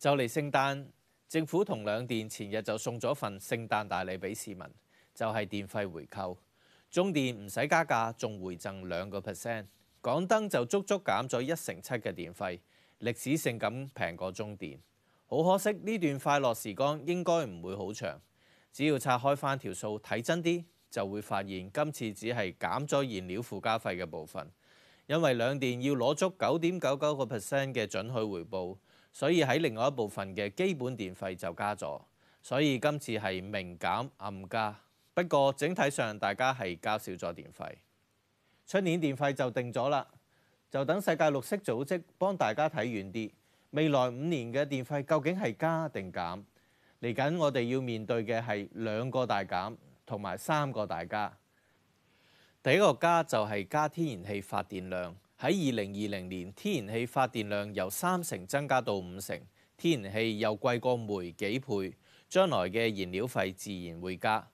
就嚟聖誕，政府同兩電前日就送咗份聖誕大禮俾市民，就係電費回扣。中電唔使加價，仲回贈兩個 percent。港燈就足足減咗一成七嘅電費，歷史性咁平過中電。好可惜，呢段快樂時光應該唔會好長。只要拆開翻條數睇真啲，就會發現今次只係減咗燃料附加費嘅部分，因為兩電要攞足九點九九個 percent 嘅準許回報。所以喺另外一部分嘅基本電費就加咗，所以今次係明減暗加。不過整體上大家係交少咗電費。出年電費就定咗啦，就等世界綠色組織幫大家睇遠啲。未來五年嘅電費究竟係加定減？嚟緊我哋要面對嘅係兩個大減同埋三個大加。第一個加就係加天然氣發電量。喺二零二零年，天然氣發電量由三成增加到五成，天然氣又貴過煤幾倍，將來嘅燃料費自然會加。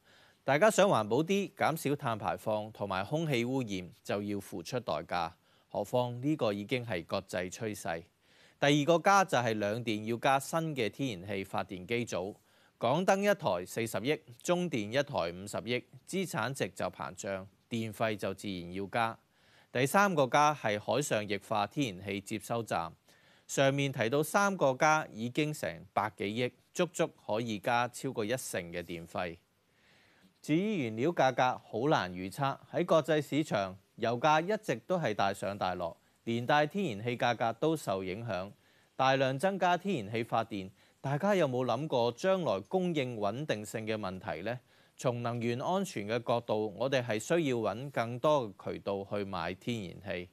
大家想環保啲，減少碳排放同埋空氣污染，就要付出代價。何況呢個已經係國際趨勢。第二個加就係兩電要加新嘅天然氣發電機組，港燈一台四十億，中電一台五十億，資產值就膨脹，電費就自然要加。第三個加係海上液化天然氣接收站。上面提到三個加已經成百幾億，足足可以加超過一成嘅電費。至於原料價格好難預測，喺國際市場油價一直都係大上大落，連帶天然氣價格都受影響。大量增加天然氣發電，大家有冇諗過將來供應穩定性嘅問題呢？從能源安全嘅角度，我哋係需要揾更多嘅渠道去買天然氣。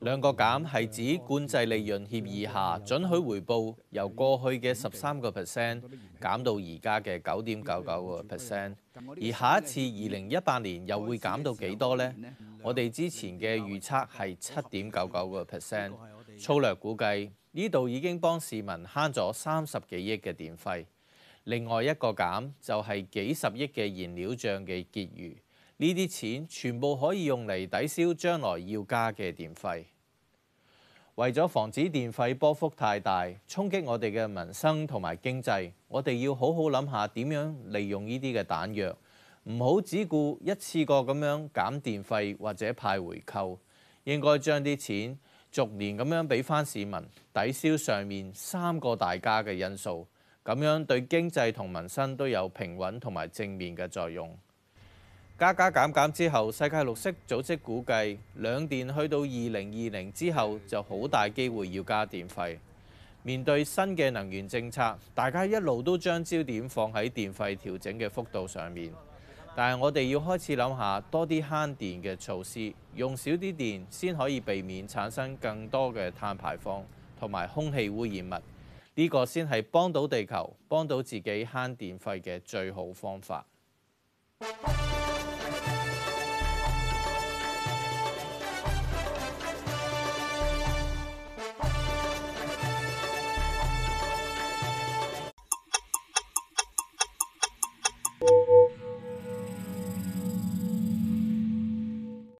兩個減係指管制利潤協議下，准許回報由過去嘅十三個 percent 減到而家嘅九點九九個 percent。而下一次二零一八年又會減到幾多呢？我哋之前嘅預測係七點九九個 percent。粗略估計，呢度已經幫市民慳咗三十幾億嘅電費。另外一個減就係幾十億嘅燃料帳嘅結餘，呢啲錢全部可以用嚟抵消將來要加嘅電費。為咗防止電費波幅太大，衝擊我哋嘅民生同埋經濟，我哋要好好諗下點樣利用呢啲嘅彈藥，唔好只顧一次過咁樣減電費或者派回扣，應該將啲錢逐年咁樣俾翻市民抵消上面三個大家嘅因素。咁樣對經濟同民生都有平穩同埋正面嘅作用。加加減減之後，世界綠色組織估計兩電去到二零二零之後，就好大機會要加電費。面對新嘅能源政策，大家一路都將焦點放喺電費調整嘅幅度上面，但係我哋要開始諗下多啲慳電嘅措施，用少啲電先可以避免產生更多嘅碳排放同埋空氣污染物。呢個先係幫到地球、幫到自己慳電費嘅最好方法。